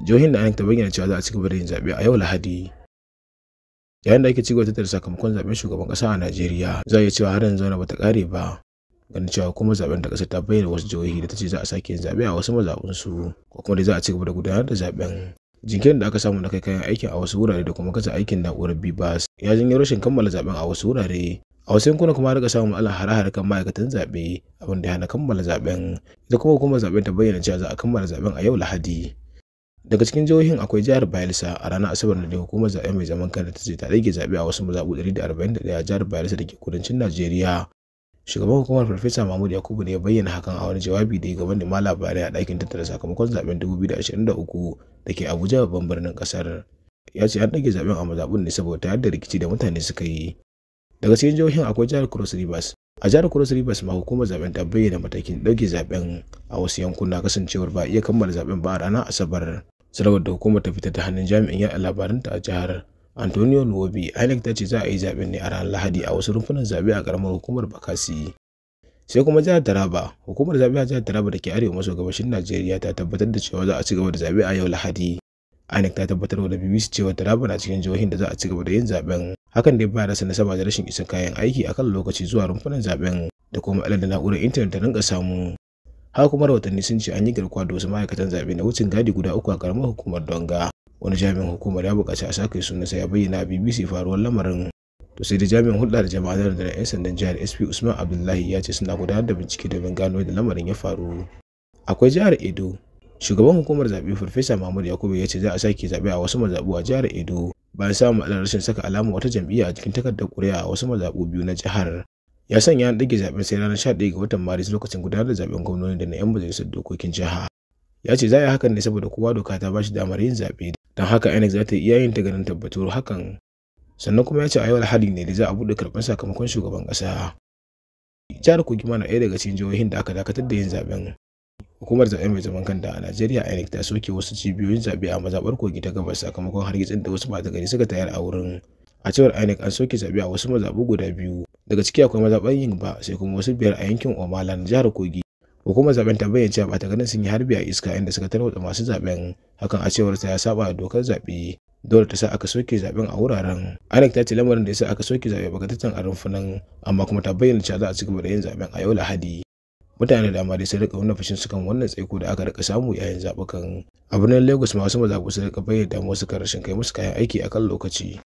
jihohin da INEC ta bayyana cewa za a cigaba da yin zaɓe a yau Lahadi. Yayin da ake cigaba da tattara sakamakon zaɓen shugaban ƙasa a Najeriya, za a iya cewa har yanzu ba bata ƙare ba. Ganin cewa kuma zaɓen da ƙasar ta bayyana wasu jihohi da ta ce za a sake yin zaɓe a wasu mazaɓunsu, ko kuma da za a cigaba da gudanar da zaɓen. Jinkirin da aka samu na kai kayan aikin a wasu wurare da kuma kasa aikin na'urar bibas ya janyo rashin kammala zaben a wasu wurare a wasu yankunan kuma rika samun matsalar hare-hare kan ma'aikatan zaɓe abin da hana kammala zaben da kuma hukumar zaben ta bayyana cewa za a kammala zaben a yau lahadi daga cikin jihohin akwai jihar bayelsa a ranar asabar da hukumar zaɓe mai zaman kanta ta ce ta rage zaɓe a wasu mazaɓu 141 a jihar bayelsa da ke kudancin najeriya shugaban hukumar farfesa mahmud yakubu ne ya bayyana hakan a wani jawabi da ya gaban nema labarai a ɗakin tattara sakamakon zaɓen 2023 da ke abuja babban birnin ƙasar ya ce an ɗage zaɓen a mazaɓun ne saboda yadda rikici da mutane suka yi daga cikin jihohin akwai jihar cross rivers a jihar cross rivers ma hukumar zaben ta bayyana matakin ɗauke zaɓen a wasu yankuna kasancewar ba iya kammala zaɓen ba a ranar asabar sanarwar da hukumar ta fita ta hannun jami'in yaɗa labaranta a jihar antonio nuwobi inec ta ce za a yi zaɓen ne a ranar lahadi a wasu rumfunan zaɓe a ƙaramar hukumar bakasi sai kuma jihar taraba hukumar zaɓe a jihar taraba da ke arewa maso gabashin najeriya ta tabbatar da cewa za a ci gaba da zaɓe a yau lahadi inec ta tabbatar da bbc cewa taraba na cikin jihohin da za a ci gaba da yin zaɓen. hakan dai ba rasa nasaba da rashin isa kayan aiki akan lokaci zuwa rumfunan zaɓen. da kuma da na'urar intanet ta rinka samu har kuma rahotanni sun ce an yi garkuwa da wasu ma'aikatan zaɓe na wucin gadi guda uku a karamar hukumar donga wani jami'in hukumar ya buƙaci a sake sunan sai ya bayyana a bbc faruwar lamarin to sai da jami'in hulɗa da jama'a da 'yan sandan jihar sp usman abdullahi ya ce suna gudanar da bincike domin gano yadda lamarin ya faru akwai jihar edo shugaban hukumar zaɓe farfesa mahmud yakubu ya ce za a sake zaɓe a wasu mazaɓu a jihar edo bayan samun matsalar rashin saka alamar wata jam'iyya a cikin takardar ƙuri'a a wasu mazaɓu biyu na jihar ya sanya an ɗage zaben sai ranar 11 ga watan maris lokacin gudanar da zaben gwamnoni da na 'yan majalisar dokokin jiha ya ce za a yi hakan ne saboda kowa doka ta ba shi damar yin zaɓe don haka inec za ta iya yin ta ganin tabbatar hakan sannan kuma ya ce a yau alhali ne da za a buɗe karɓar sakamakon shugaban ƙasa jihar kogima na ɗaya daga cikin jihohin da aka dakatar da yin zaben hukumar zaben mai zaman kanta a najeriya inec ta soke wasu cibiyoyin zaɓe a mazaɓar kogi ta gabas sakamakon hargitsin da wasu ta gani suka tayar a wurin a cewar inec an soke zaɓe a wasu mazaɓu guda biyu daga ciki akwai yin ba sai kuma wasu biyar a yankin omalan jihar kogi hukumar zaben ta bayyana cewa bata ganin sun yi harbi a iska inda suka tarwatsa masu zaben hakan a cewar ta ya saba da dokar zaɓe dole ta sa aka soke zaben a wuraren anik ta ce lamarin da ya sa aka soke zaɓe bakatatan a rumfunan amma kuma ta bayyana cewa za a ci gaba da yin zaben a yau lahadi mutane da dama dai sun rika wannan fashin su wannan tsaiko da aka rika samu yayin zaɓukan a birnin lagos masu mazaɓu sun rika bayyana damuwa suka rashin kai musu kayan aiki akan lokaci